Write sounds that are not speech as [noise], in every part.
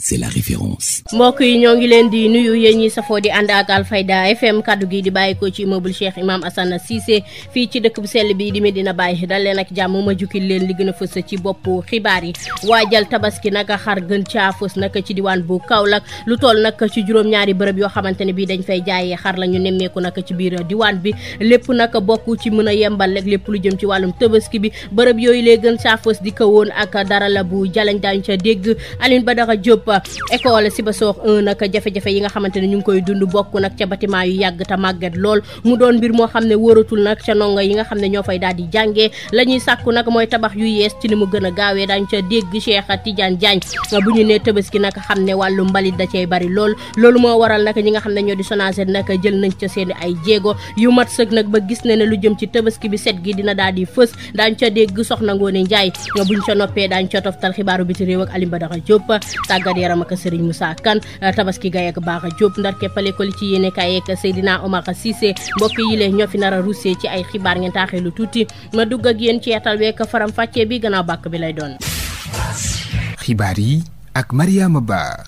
c'est mbokk yi ñoo ngi leen di nuyu yéen ñi safoo di ànd ak Alfayda FM kaddu gi di bàyyeekoo ci immeuble Cheikh Imam Assane Cissé fii ci dëkk bu sell bii di Medina Baye dal leen ak jàmm ma jukkil leen li gën a fës ci boppu xibaar yi waajal tabaski naka xar gën caa fës naka ci diwaan bu kaw Kaolack lu toll nag ci juróom-ñaari bërëb yoo xamante ne bii dañ fay jaayee xar la ñu nemmeeku naka ci biir diwaan bi lépp naka bokk ci mën a yembal rek lépp lu jëm ci wàllum tabaski bi bërëb yooyu lee gën caa fës di ko woon ak dara bu jalañ daañu ca école si ba soox jafe-jafe yi nga xamante ne ñu ngi koy dund bokk nag ca bâtiment yu yàgg te màgget lool mu doon mbir moo xam ne wóoratul nag ca ndongo yi nga xam ne ñoo fay daal di jàngee la sàkku nag mooy tabax yu yees ci ni mu gën a gaawee daañu ca dégg Cheikh Tidiane Diagne bu ñu nee Tabaski nag xam ne wàllu mbalit da cey bari lool loolu moo waral nag ñi nga xam ne ñoo di SONAGED nag jël nañ ca seen ay jéego yu mat sëg nag ba gis ne ne lu jëm ci Tabaski bi set gi dina daal di fës daañu ca dégg soxna Ngoone Njaay buñ ca noppee daañu ca toftal xibaaru biti réew ak Alioune Badara Diop tàggat tàggat yaram ak Serigne Moussa Kane euh, tabaski gay ak baax a Diop ndar keppale ko li ci yéene kaay ak Seydina Omar Cissé mbokk yi lee ñoo fi nar a ruusee ci ay xibaar ngeen taaxee lu tuuti ma dugg ak yéen ci yeetal week faram fàccee bi gannaaw bàkk bi lay doon. xibaar yi ak Mariama Ba.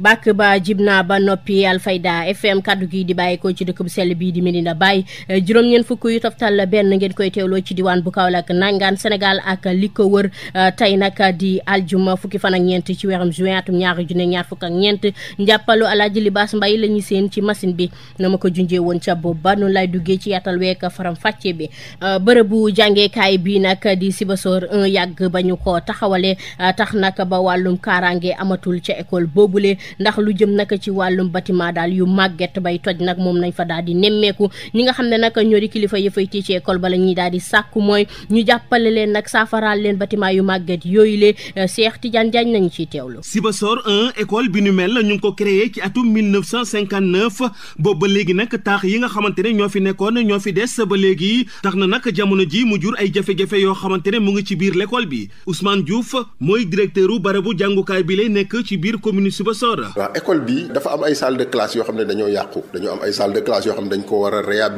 bàkk ba jib naa ba noppi Alfayda FM kaddu gi di bàyyeekoo ci dëkk bu sell bii di Medina bàyyi eh, juróom ñeen fukk yu toftal benn ngeen koy teewloo ci diwaan bu Kaolack nangaan Sénégal ak li ko wër eh, tey nag di aljuma fukki fan ak ñeent ci weeram juin atum ñaari junne ñaar fukk ak ñeent njàppalu Alaaji Libaas Mbay la ñuy seen ci machine bi na ma ko junjee woon ca boobu ba noonu lay duggee ci yatal week faram fàcce bi eh, bërëbu jàngeekaay bi nag di Sibassor 1 yàgg ba ñu ko taxawalee tax nag ba wàllum kaaraange amatul ca école boobule ndax lu jëm nag ci wàllum bâtiment daal yu màgget bay toj nag moom nañ fa daal di nemmeeku ñi nga xam ne nag ñoo di kilifa ya fay tii ci école ba la ñuy daal di sàkku mooy ñu jàppale leen nag saafaraal leen bâtiment yu màgget yooyu lee euh, Cheikh Tidiane Diagne nañu ciy teewlu. Sibassor 1 école bi nu mel ñu ngi ko créé ci atum 1959 boobu ba léegi nag taax yi nga xamante ne ñoo fi nekkoon ñoo fi des ba léegi tax na nag jamono ji mu jur ay jafe-jafe yoo xamante ne mu ngi ci biir l'école bi Ousmane Diouf mooy directeur u barabu jàngukaay bi lay nekk ci biir commune Sibassor Daara. waaw école bi dafa am ay salle de classe yoo xam ne dañoo yàqu dañoo am ay salle de classe yoo xam ne dañ ko war a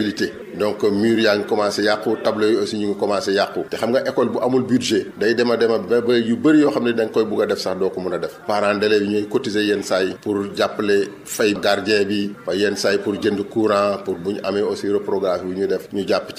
donc euh, mur yaa ngi commencé yàqu tableau yi ñu ngi commencé yàqu te xam nga école bu amul budget day dema dema ba ba yu bëri yoo xam ne da koy bugg a def sax doo ko mun a def parents d'élèves yi ñooy cotiser yenn saa pour jàppale fay gardien bi ba yenn saa pour jënd courant pour bu ñu amee aussi reprogramme bi ñu def ñu jàpp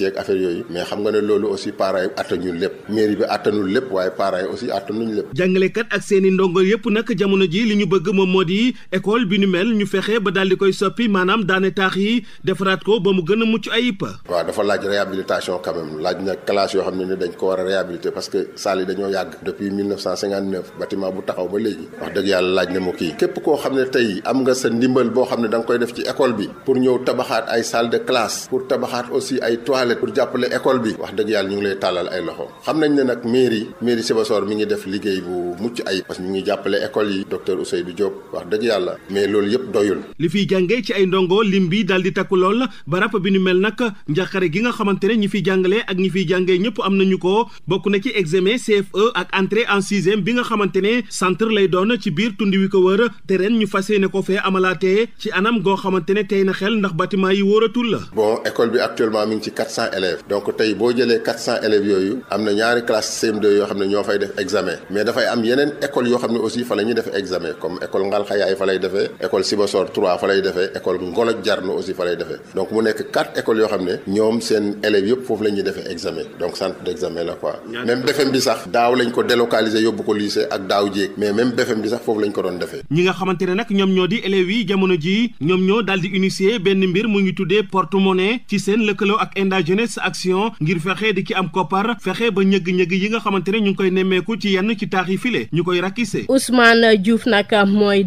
di école bi nu mel ñu fexe ba daal di koy soppi maanaam daane taax yi defaraat ko ba mu gën a mucc ayib. waaw dafa laaj réhabilitation quand même laaj na classe yoo xam ne ni dañ ko war a réhabiliter parce que salle yi dañoo yàgg depuis 1959 bâtiment bu taxaw ba léegi wax dëgg yàlla laaj na mu kii képp koo xam ne tey am nga sa ndimbal boo xam ne danga koy def ci école bi pour ñëw tabaxaat ay salle de classe pour tabaxaat aussi ay toilettes pour jàppale école bi wax dëgg yàlla ñu ngi lay tàllal loxo xam nañ ne nag mairie mairie Sibassor mi ngi def liggéey bu mucc ayib parce que jàppale école yi docteur Ousseynou Diop wax dëgg yàlla mais loolu yëpp doyul li fi jàngee ci ay ndongo lim bi daal di takku lool barab bi nu mel nag njàqare gi nga xamante ne ñi fi jàngalee ak ñi fi jàngee ñëpp am na ñu ko bokk na ci examen CFE ak entrée en sixième bi nga xamante ne centre lay doon ci biir tund wi ko wër te ren ñu fas yéene ko fee amalaatee ci anam goo xamante ne tey na xel ndax bâtiment yi wóoratul la bon école bi actuellement mi ngi ci quatre cent élèves donc tey boo jëlee quatre yooyu am na yoo xam ne ñoo fay def examen yoo xam ne aussi fa la ñuy def Alxayaay fa lay defee école Sibassor 3 fa lay defee école Ngoloj Jarno aussi fa lay defee donc mu nekk quatre écoles yoo xam ne ñoom seen élèves yëpp foofu la ñuy examen donc centre examen la quoi même BFEM bi sax daaw lañ ko délocaliser yóbbu ko lycée ak daaw jéeg mais même BFEM bi sax foofu lañ ko doon defee ñi nga xamante nag ñoom ñoo di élèves yi jamono ji ñoom ñoo daal di benn mbir mu ngi tuddee porte ci seen lëkkaloo ak Enda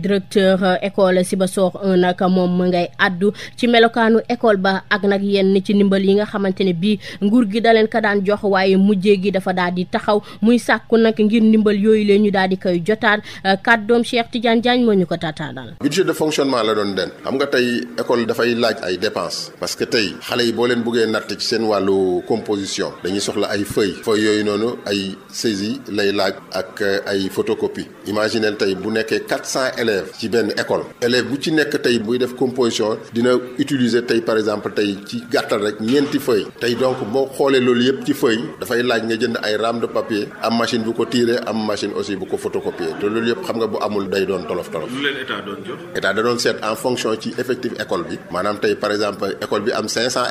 directeur euh, école Sibassor 1 nag moom ngay addu ci melokaanu école ba ak nag yenn ci ndimbal yi nga xamante ne bii nguur gi da leen ko daan jox waaye mujjee gi dafa daal di taxaw muy sàkku nag ngir ndimbal yooyu leen ñu daal di koy jotaat euh, kàddoom Cheikh Tidiane Diagne moo ñu ko taataanal. budget de fonctionnement la doon den xam nga tey école dafay laaj ay dépenses parce que tey xale yi boo leen buggee natt ci seen wàllu composition dañuy soxla ay feuilles feuilles yooyu noonu ay saisies lay laaj ak euh, élèves ci benn école élève bu ci nekk tey buy def composition dina utiliser tey par exemple tey ci gàttal rek ñeenti feuille tey donc boo xoolee loolu yëpp ci feuille dafay laaj nga jënd ay rames de papier am machine bu ko tirer am machine aussi bu ko photocopier te loolu yëpp xam nga bu amul day doon tolof tolof. lu leen état doon jox. état da doon seet en fonction ci effectif école bi maanaam tey par exemple école bi am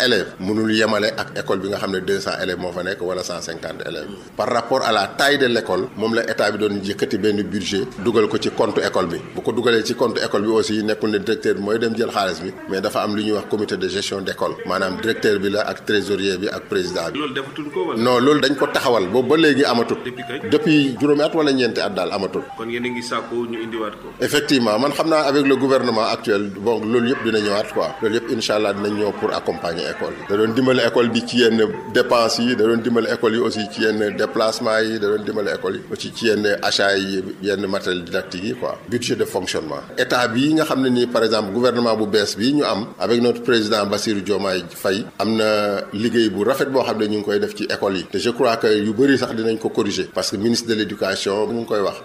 élèves mënul yemale ak école bi nga xam ne 200 élèves moo fa nekk wala 150 élèves par rapport à la taille de l' école moom la état dugalee ci compte école bi aussi nekkul ne directeur bi mooy dem jël xaalis bi mais dafa am lu ñuy wax comité de gestion d'école maanaam directeur bi la ak trésorier bi ak président bi. loolu loolu dañ ko taxawal boobu ba léegi amatul. depuis juróomi at wala ñeenti at daal amatul. effectivement man xam naa avec le gouvernement actuel bon loolu yëpp dina ñëwaat quoi loolu yëpp incha allah dinañ ñëw pour accompagner école da doon dimbali école bi ci fonctionnement état bi nga xam ne nii par exemple gouvernement bu bees bi ñu am avec notre président Bassirou Diomaye Faye am na liggéey bu rafet boo xam ne ñu ngi koy def ci école yi te je crois que yu bëri sax dinañ ko corriger parce que ministre de l'éducation mu ngi koy wax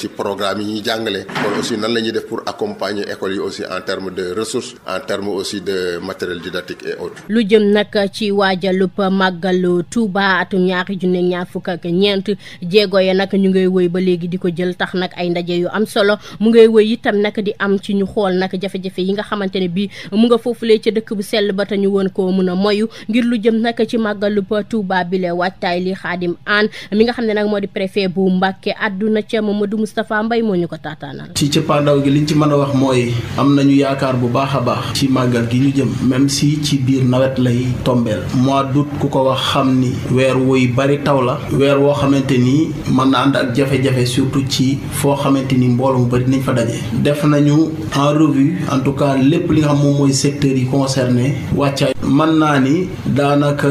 ci programme yi ñuy jàngale kon aussi nan la ñuy def pour accompagner école yi aussi en terme de en terme aussi de matériel didactique et autres. lu jëm nag ci waajalub màggalu Touba atum ñaari junne ñaar fukk ak ñeent jéego ya nag ñu ngi woy ba léegi di ko jël tax nag ay ndaje yu am solo mu ngay woy itam nag di am ci ñu xool nag jafe-jafe yi nga xamante ne bii mu nga foofulee ca dëkk bu sell ba te ñu woon koo mun a moyu ngir lu jëm nag ci màggalub Tuuba bi la waajtaay li Xaadim Aan mi nga xam ne nag moo di préfet bu Mbàkke àdduna ca Mamadou Moustapha Mbaye moo ñu ko taataanal ci cëppaandaw gi liñ ci mën a wax mooy am ñu yaakaar bu baax a baax ci màggal gi ñu jëm même si ci biir nawet lay tombeel mois d'août ku ko wax xam ni weer wuy bari taw la weer woo xamante ni mën na ànd ak jafe-jafe surtout ci foo xamante ni mbooloo mu bëri nañ fa daje. def nañu en revue en tout cas lépp li nga xam moom mooy secteurs yi concerné wàccaay mën naa ni daanaka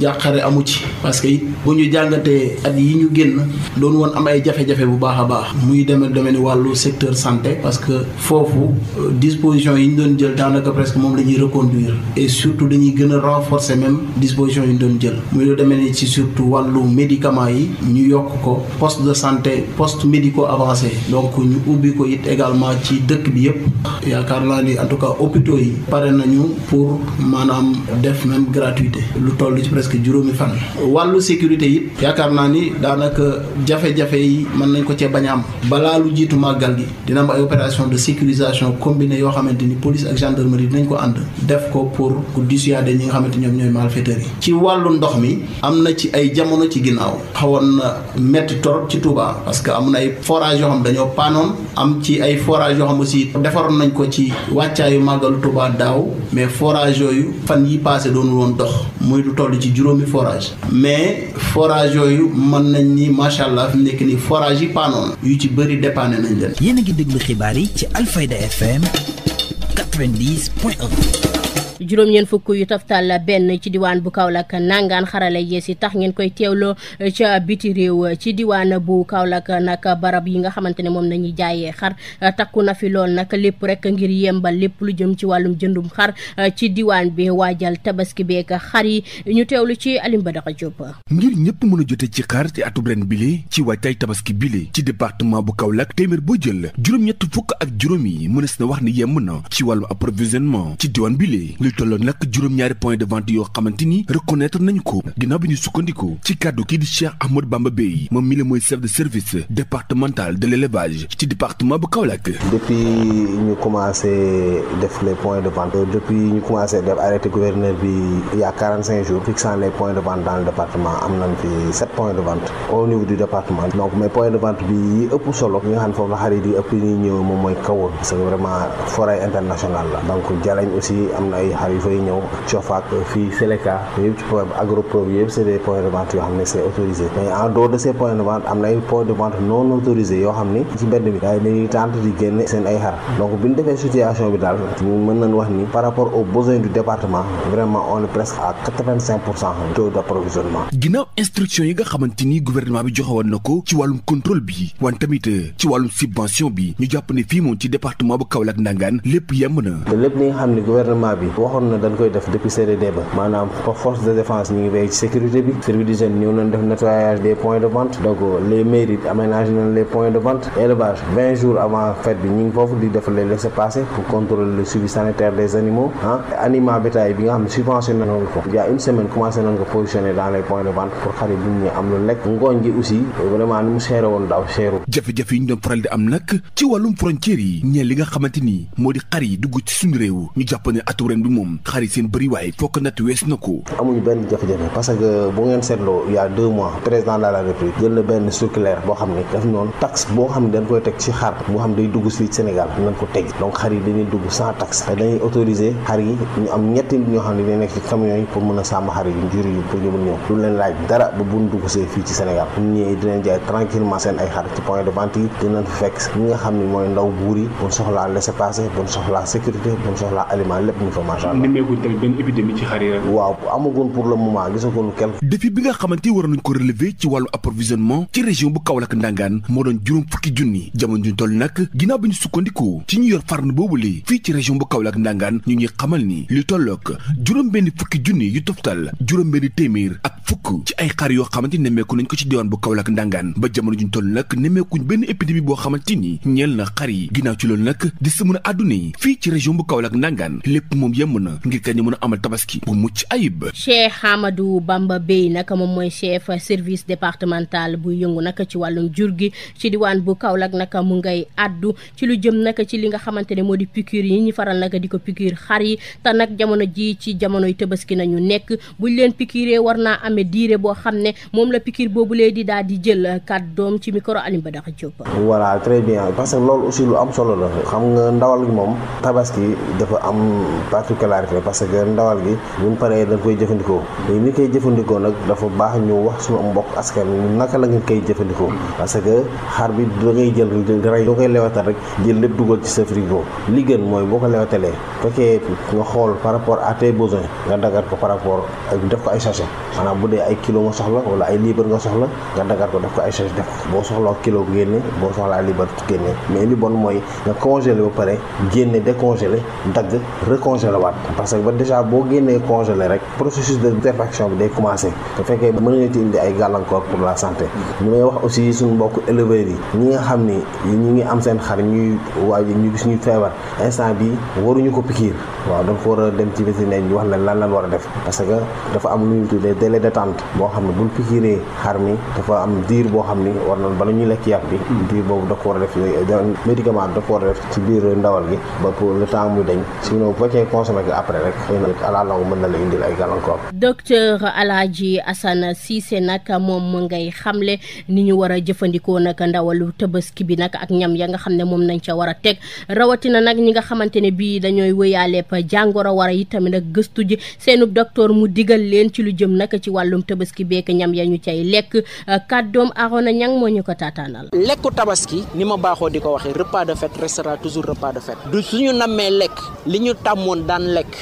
njàqare amu ci parce que it ñu jàngatee at yi ñu génn doon woon am ay jafe-jafe bu baax a baax muy demee domaine wàllu secteur santé parce que foofu euh, disposition yi ñu doon jël daanaka presque moom la ñuy reconduire et surtout dañuy gën a renforcer même disposition yi ñu doon jël muy lu demee ni ci surtout wàllu médicament yi ñu yokk ko poste de santé poste médico avancé donc ñu ubbi ko it également ci dëkk bi yëpp yaakaar naa ni en tout cas hôpitaux yi pare nañu pour maanaam def même gratuité lu toll ci presque juróomi fan wàllu sécurité yi yaakaar naa ni daanaka jafe-jafe yi mën nañ ko cee bañ a am balaa lu jiitu màggal gi dina am ay opération de sécurisation combinée yoo xamante ni police ak gendarmerie dinañ ko ànd def ko pour dissuader ñi nga xamante ñoom ñooy malfaiteurs yi ci wàllu ndox mi am na ci ay jamono ci ginnaaw Touba parce que am na ay forage yoo xam dañoo paanoon am ci ay forage yoo xam aussi defaroon nañ ko ci wàccaayu màggalu Touba daaw mais forage yooyu fan yi passé doonu woon dox muy lu toll ci juróomi forage mais forage yooyu mën nañ ni macha allah fi nekk ni forage yi paanoon yu ci bëri dépanné nañ leen. yéen a ngi déglu xibaar yi ci Alfayda FM juróom ñeent fukk yu taftal benn ci diwaan bu Kaolack nangaan xarala yees yi tax ngeen koy teewloo ca biti réew ci diwaan bu Kaolack nag barab yi nga xamante ne moom nañuy jaayee xar takku na fi lool nag lépp rek ngir yembal lépp lu jëm ci wàllum jëndum xar ci diwaan bi waajal tabaski beeg xar yi ñu teewlu ci Alim Badara Diop ngir ñëpp mën a ci xar ci atub ren bile ci waajtaay tabaski bile ci département bu Kaolack téeméer boo jël juróom-ñett fukk ak juróom yi mënees na wax ni yemb na ci wàllum approvisionnement ci diwaan bile luy tolloo nag juróom-ñaari point de vente yoo xamante ni reconnaître nañu ko ginnaaw bi ñu sukkandiku ci kàddu kii di Cheikh Ahmad Bamba Bey moom mi la mooy chef de service départemental de l'élevage ci département bu Kaolack. depuis ñu commencé def les points de vente depuis ñu commencé def arrêté gouverneur bi il jours fixant les de vente dans le département am nañ fi sept de vente au niveau donc mais point de vente bi yi ëpp solo ñi xarifa yi ñëw COFAC fii Seleka xam ni ci mbedd mi daay dañuy tente di génne seen ay xar donc bi ñu defee situation bi daal mën nañ wax ni par rapport aux besoins du département vraiment on est presque à ginnaaw instruction yi nga xamante ni gouvernement bi joxe na ko ci wàllum contrôle bi wan tamit euh, ci wàllum subvention bi ñu jàpp ne fii moom ci département bu Kaolack Ndangaan lépp yemb na te lépp li xam ne gouvernement bi waxoon na dañ koy def depuis CDD ba maanaam force de défense ñu ngi béy sécurité bi service d'hygiène ñëw nañ def nettoyage des points de vente donc les mairies aménagé nañ les points de vente élevage vingt jours avant fête bi ñu ngi foofu di def les laissez-passer pour contrôler le suivi sanitaire des animaux animal bétail bi nga xam ne subventionné nañ ko il une semaine commencé nañ ko positionner dans les de vente pour xarit bu ñu am lu lekk ngooñ moom xarit seen bëri waaye fokk nat wees na ko amuñu benn jafe-jafe parce que bu ngeen seetloo il y a deux mois président de la république jël na benn circulaire boo xam ne daf noonu taxe boo xam ne dañ koy teg ci xar boo xam ne day ko teg donc xar yi dañuy dugg sans taxe te dañuy autoriser xar yi ñu am ñetti nit ñoo xam ne dañuy nekk ci camion yi pour mën a sàmm xar yi njur yi pour ñu mën ñëw lu leen laaj dara ba buñ dugg see fii ci Sénégal ñu ñëwee jaay tranquillement seen ay xar ci point de vente yi dinañ fa fekk ñi nga xam ne mooy ndaw buur yi buñ incha allah nemmeekuñ tamit benn épidémie ci xar yi rek. waaw amaguñ pour le moment gisaguñ quelque. défi bi nga xamante war nañ ko relever ci wàllu approvisionnement ci région bu Kaolack Ndangaan moo doon juróom fukki junni jamono ju toll nag ginnaaw bi ñu sukkandikoo ci ñu yor farine boobu li fii ci région bu Kaolack Ndangaan ñu ñuy xamal ni li tolloog juróom benn fukki junni yu toftal juróom benn téeméer ak fukk ci ay xar yoo xamante nemmeeku nañ ko ci diwaan bu Kaolack ba jamono ju toll nag nemmeekuñ benn épidémie boo xamante ni ñeel na xar yi ginnaaw ci loolu nag di sëmën àdduna yi fii ci région jàmm na ngir kat ñu a amal tabaski bu mucc ayib. Cheikh Amadou nag moom mooy chef service départemental bu yëngu nag ci wàllum jur gi ci diwaan bu Kaolack nag mu ngay addu ci lu jëm nag ci li nga xamante ne moo di piqûre yi ñu faral nag di ko piqûre xar yi te nag jamono ji ci jamonoy tabaski nañu nekk buñ leen piqûre war naa amee diire boo xam ne moom la piqûre boobu lee di daal di jël doom ci micro Alioune dax Diop. voilà très bien parce que loolu aussi lu am solo la xam nga ndawal moom tabaski dafa am particulier ko laarifee parce que ndawal gi buñ paree dañ koy jëfandikoo léegi ni koy jëfandikoo nag dafa baax ñu wax suñu mbokk askan naka la nga koy jëfandikoo parce que xar bi da ngay jël rey doo koy lewatal rek jël lépp dugal ci sa frigo li gën mooy boo ko lewatalee fekkee nga xool par rapport à tes besoins nga dagat ko par rapport ak def ko ay sachet maanaam bu ay kilo nga soxla wala ay liibar nga soxla nga dagat ko def ko ay sachet def ko boo soxla kilo génne boo soxlaa liibar génne mais li bon mooy nga congelé ba pare génne décongelé dagg recongelé waat tàpp parce que ba déjà boo génnee congelé rek processus de défection bi day commencé te fekkee mën nga ci indi ay gàllankoor pour la santé ñu may wax aussi suñu mbokk éleveurs yi ñi nga xam ni ñi ngi am seen xar ñuy waaj ñu gis ñuy feebar instant bi waruñu ko pikiir waaw dafa war a dem ci vétérinaire ñu wax leen lan lan war a def parce que dafa am lu ñu de tuddee délai d'attente boo xam ne buñ pikiiree xar mi dafa am diir boo xam ni war na bala ñuy lekk yàpp bi diir boobu dafa war a def médicament bi dafa war def ci biir ndawal gi ba pour sama gi après rek xëy na à la longue mën na la indil ay gàllankoor. docteur Alaaji Assane Cissé nag moom mu ngay xamle ni ñu war a jëfandikoo nag ndawalu tabaski bi nag ak ñam ya nga xam ne moom nañ ca war a teg rawatina nag ñi nga xamante ne bii dañooy wéyaaleep jàngoro war a yi tamit ak gëstu ji seenub docteur mu digal leen ci lu jëm nag ci wàllum tabaski beek ñam ya ñu cay lekk kàddoom Arona Niang moo ñu ko taataanal. lekku tabaski ni ma baaxoo di ko waxee repas de fête restera toujours repas daan lekk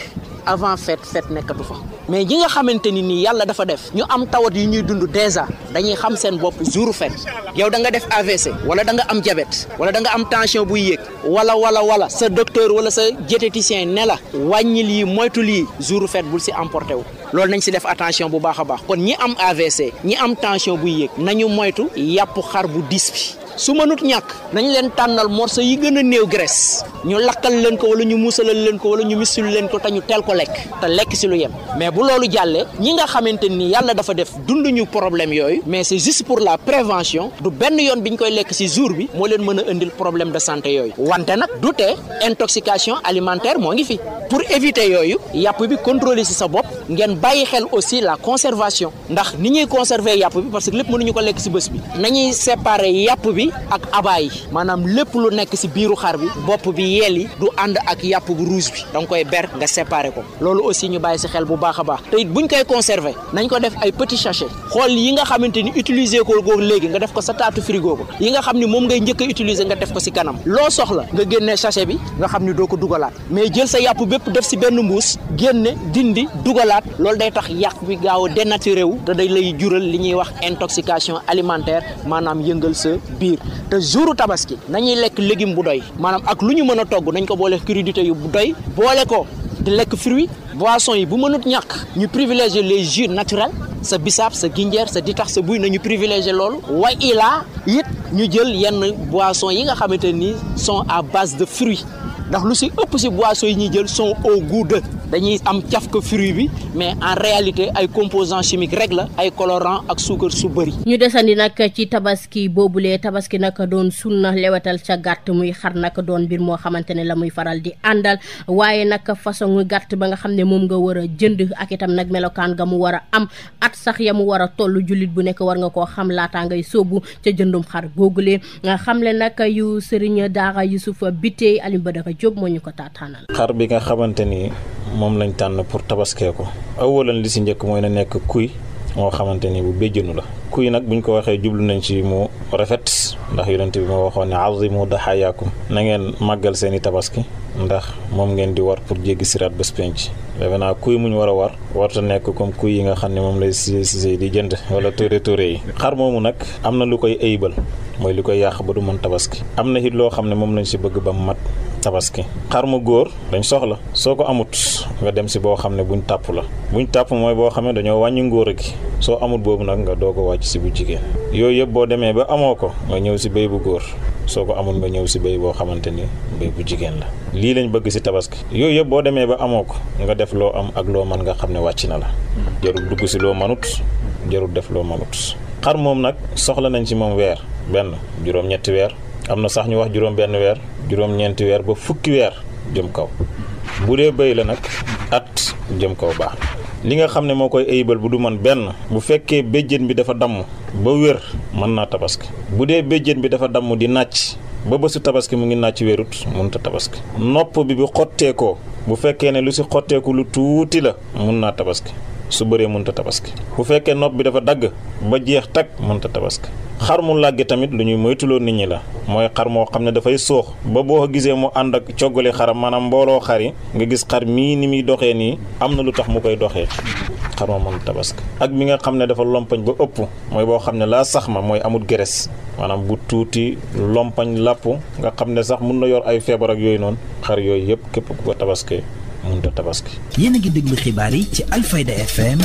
avant fête fête nekkatu fa mais ñi nga xamante ni nii yàlla dafa def ñu am tawat yu ñuy dund déjà dañuy xam seen bopp jour fête yow da nga def AVC wala da nga am diabète wala da nga am tension buy yéeg wala wala wala sa docteur wala sa diététicien ne la wàññil yi moytul yi jour fête bul si emporté wu loolu nañ si def attention bu baax a baax kon ñi am AVC ñi am tension buy yéeg nañu moytu yàpp xar bu dis bi su mënut ñàkk nañ leen tànnal morceau yi gën a néew graisse ñu lakkal leen ko wala ñu muusalal leen ko wala ñu misul leen ko te ñu teel ko lekk te lekk si lu yem mais bu loolu jàllee ñi nga xamante ni yàlla dafa def dunduñu problème yooyu mais c'est juste pour la prévention du benn yoon bi ñu koy lekk si jour bi moo leen mën a indil problème de santé yooyu wante nag dute intoxication alimentaire moo ngi fi pour éviter yooyu yàpp bi contrôler si sa bopp ngeen bàyyi xel aussi la conservation ndax ni ñuy conserver yàpp bi parce que lépp mënuñu ko lekk si bés bi bi ak abaay yi maanaam lépp lu nekk si biiru xar bi bopp bi yeel yi du ànd ak yàpp bu rouge bi da nga koy ber nga séparé ko loolu aussi ñu bàyyi si xel bu baax a baax te it buñ koy conserver nañ ko def ay petit sachet xool yi nga xamante ni utiliser ko ko léegi nga def ko sa taatu frigo ko yi nga xam ni moom ngay njëkk a utiliser nga def ko si kanam loo soxla nga génnee sachet bi nga xam ni doo ko dugalaat mais jël sa yàpp bépp def si benn mbuus génne dindi dugalaat loolu day tax yàq bi gaaw a dénaturé wu te day lay jural li ñuy wax intoxication alimentaire maanaam yëngal biir te jouru tabaski nañuy lekk légume bu doy maanaam ak lu ñu mën a togg nañ ko boole crudités yu bu doy boole ko di lekk fruit boisson yi bu mënut ñàkk ñu privilégier les jus naturels sa bissaab sa ginjeer sa ditax sa buy nañu privilégier loolu wa ilaa it ñu jël yenn boisson yi nga xamante ni sont à base de fruits ndax lu si ëpp si boissons yi ñuy jël sont au goût de dañuy am caf ko fruit bi mais en réalité ay composants chimiques rek la ay colorants ak suukar su bëri. ñu desandi nag ci tabaski boobule tabaski nag doon sun na lewetal ca gàtt muy xar nag doon mbir moo xamante ne la muy faral di àndal waaye nag façon gàtt ba nga xam ne moom nga war a jënd ak itam nag melokaan nga mu war a am at sax ya mu war a toll jullit bu nekk war nga koo xam laataa ngay sóobu ca jëndum xar googule xam le nag yu Serigne Daara Youssouf Bité Alioune Badara Diop moo ñu ko taataanal. xar bi nga xamante ni moom lañ tànn pour tabaskee ko awalan li si njëkk mooy na nekk kuy moo xamante ni bu béjjënu la kuy nag ñu ko waxee jublu nañ ci mu rafet ndax yonent bi moo waxoon ne azimu daxayaakum na ngeen màggal seeni tabaski ndax moom ngeen di war pour jéggi siraat bés penc defe naa kuy muñ war a war warta nekk comme kuy yi nga xam ne moom lay si si di jënd wala tóore tóore yi xar moomu nag am na lu koy ayibal mooy lu koy yàq ba du mën tabaski am na it loo xam ne moom lañ si bëgg ba mu mat tabaski xar ma góor dañ soxla soo ko amut nga dem si boo xam ne buñ tàpp la buñ tàpp mooy boo xam ne dañoo wàññi ngóor gi soo amut boobu nag nga doog a wàcc si bu jigéen yooyu yëpp boo demee ba amoo ko nga ñëw si béy bu góor soo ko amoon nga ñëw si béy boo xamante ni béy bu jigéen la lii lañ bëgg si tabaski yooyu yëpp boo demee ba amoo ko nga def loo am ak loo mën nga xam ne wàcc na la jarul dugg si loo manut jarul def loo manut xar moom nag soxla nañ ci moom weer benn juróom-ñetti weer am na sax ñu wax juróom benn weer juróom-ñeenti weer ba fukki weer jëm kaw bu dee bay la nag at jëm kaw baax li nga xam ne moo koy ayibal bu du man benn bu fekkee béjjén bi dafa damm ba wér mën naa tabaski bu dee béjjén bi dafa damm di nàcc ba bésu tabaski mu ngi nàcc wérut mënut a tabaski nopp bi bu xotteekoo bu fekkee ne lu si xotteeku lu tuuti la mun naa tabaski su bëree mënut a tabaski bu fekkee nopp bi dafa dagg ba jeex tag mënut a tabaski xar mu làggi tamit lu ñuy moytuloo nit ñi la mooy xar moo xam ne dafay suux ba boo gisee mu ànd ak coggali xar maanaam mbooloo xar yi nga gis xar mii ni muy nii am na lu tax mu koy doxee xar ma moom tabaski ak bi nga xam ne dafa lompañ ba ëpp mooy boo xam ne laa sax ma mooy amul geres maanaam bu tuuti lompañ làpp nga xam ne sax mun na yor ay feebar ak yooyu noonu xar yooyu yëpp képp ku ko tabaskee mënut a tabaski. yéen a xibaar yi ci Alfayda FM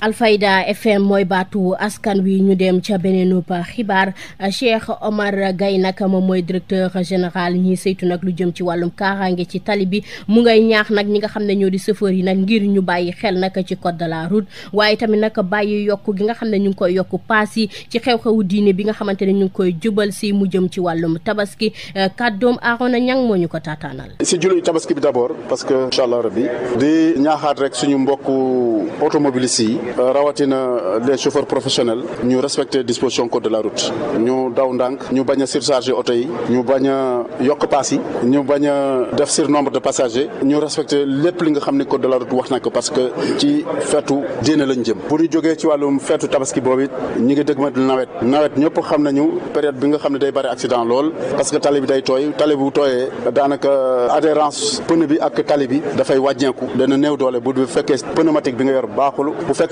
Alfayda FM mooy baatu askan wi ñu dem ca beneen xibaar Cheikh Omar gay nag moom mooy directeur général ñi saytu nag lu jëm ci wàllum kaaraange ci tali bi mu ngay ñaax nag ñi nga xam ne ñoo di chauffeur yi nag ngir ñu bàyyi xel nag ci code de la route waaye tamit nag bàyyi yokk gi nga xam ne ñu ngi koy yokk paas yi ci xew-xewu diine bi nga xamante ne ñu ngi koy jubal si mu jëm ci wàllum tabaski kàddoom Arona Niang moo ñu ko taataanal. si jullit tabaski bi d'abord parce que incha allah rabbi di ñaaxaat Euh, rawatina euh, les chauffeurs professionnels ñu respecter disposition code de la route ñu daw ndànk ñu bañ a surcharger oto yi ñu bañ a yokk paas yi ñu bañ a def sur nombre de passagers ñu respecter lépp li nga xam ne code de la route wax na ko parce que ci feetu diine lañ jëm bu ñu jógee ci wàllum feetu tabaski boobu it ñi ngi dëgg ma nawet nawet ñëpp xam nañu période bi nga xam ne day bari accident lool parce que tali bi day tooy tali bu tooyee daanaka adhérence pneu bi ak tali bi dafay wàññeeku dana néew doole bu fekkee pneumatique bi nga yor baaxul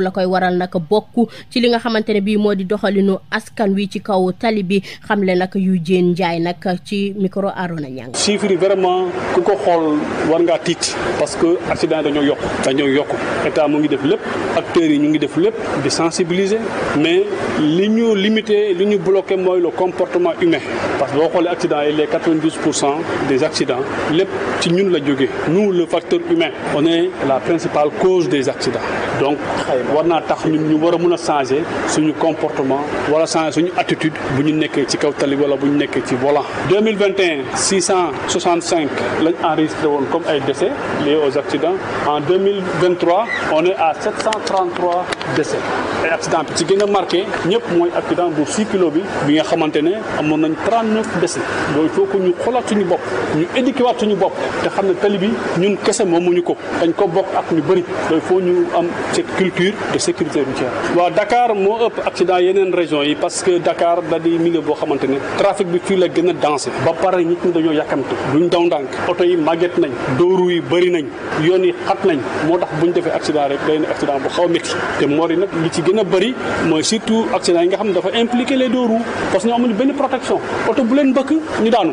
la koy waral nag bokk ci li nga xamante ne bii moo di doxalinu askan wi ci kaw tali bi xam le nag yu jéen njaay nag ci micro Arona Niang chiffre yi ku ko xool war ngaa tiit parce que accident dañoo yokk dañoo yokk état mu ngi def lépp acteurs yi ñu ngi def lépp di sensibiliser mais li ñu limité li ñu bloqué mooy le comportement humain parce que boo xoolee accident yi les quatre-vingt-douze pour cent des accidents lépp ci ñun la jógee nous le facteur humain on la principale cause des accidents war naa tax ñu war a mën a changer suñu comportement wala changer suñu attitude bu ñu nekkee ci kaw tali wala bu ñu nekkee ci volant. 2021 665 lañ enregistré woon comme ay décès liés aux accidents en 2023 on est à 733 décès ay accident bi ci gën a marqué ñëpp mooy accident bu 6 kilo bi bi nga xamante ne amoon nañ 39 décès donc il faut que ñu xoolaat suñu bopp ñu éduqué waat suñu bopp te xam ne tali bi ñun kese moom moomuñu ko dañ ko bokk ak ñu bëri donc il ñu am cette coupure sécurité routière waaw Dakar moo ëpp accident yeneen région yi parce que Dakar da di milieu boo xamante ne trafic bi fii la gën a dansé ba pare nit ñi dañoo yàkkamte duñ daw ndànk oto yi màgget nañ dóoru yi bëri nañ yoon yi xat nañ moo tax buñ defee accident rek day ne accident bu xaw métti te moo li ci gën a bëri mooy surtout accident yi nga xam ne dafa impliqué les deux parce que ñoo amuñu benn protection oto bu leen bëkk ñu daanu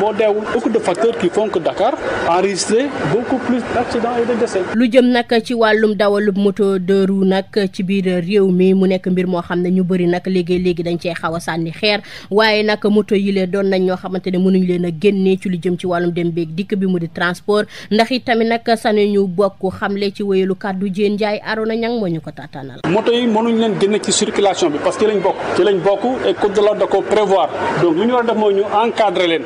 boo deewul beaucoup de facteurs qui font Dakar enregistré beaucoup plus d'accidents et de décès. lu jëm nag ci wàllum dawalub moto deux roues nag ci biir réew mi mu nekk mbir moo xam ne ñu bëri nag léegi léegi dañ cee xaw a sànni xeer waaye nag moto yi lee doon nañ ñoo xamante ne mënuñ leen a génnee ci lu jëm ci wàllum dem dikk bi mu di transport ndax itamit nag sànni ñu bokk xamle ci wéyalu kàddu Diène Ndiaye Arona Niang moo ñu ko tataanal. moto yi mënuñ leen génne ci circulation bi parce que ci lañ bokk ci lañ bokk et code de la da ko prévoir donc lu ñu war a def mooy ñu encadrer leen.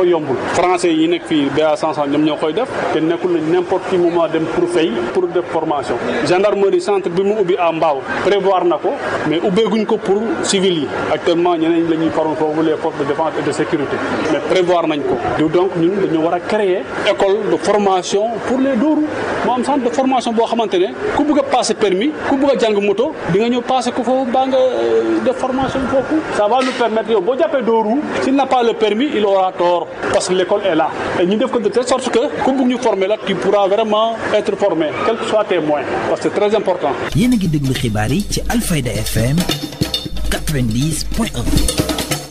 dafa yombul français yi nekk fii BA 500 ñoom ñoo koy def te nekkul nañ n'importe qui moment dem pour fay pour def formation gendarmerie centre bi mu ubbi à Mbao prévoir na ko mais ubbeeguñ ko pour civil yi actuellement ñeneen la faroon foofu les forces de défense et de sécurité mais prévoir nañ ko du donc ñun dañu war a créer école de formation pour les dóoru moo am centre de formation boo xamante ne ku bëgg a passer permis ku bëgg a jàng moto di nga ñëw parce que l'école est là. Et nous devons de telle sorte que, comme nous former là, tu pourras vraiment être formé, quel que soit tes moyens, parce que très important. yéen a ngi déglu xibaar yi ci Alfayda FM 90.1.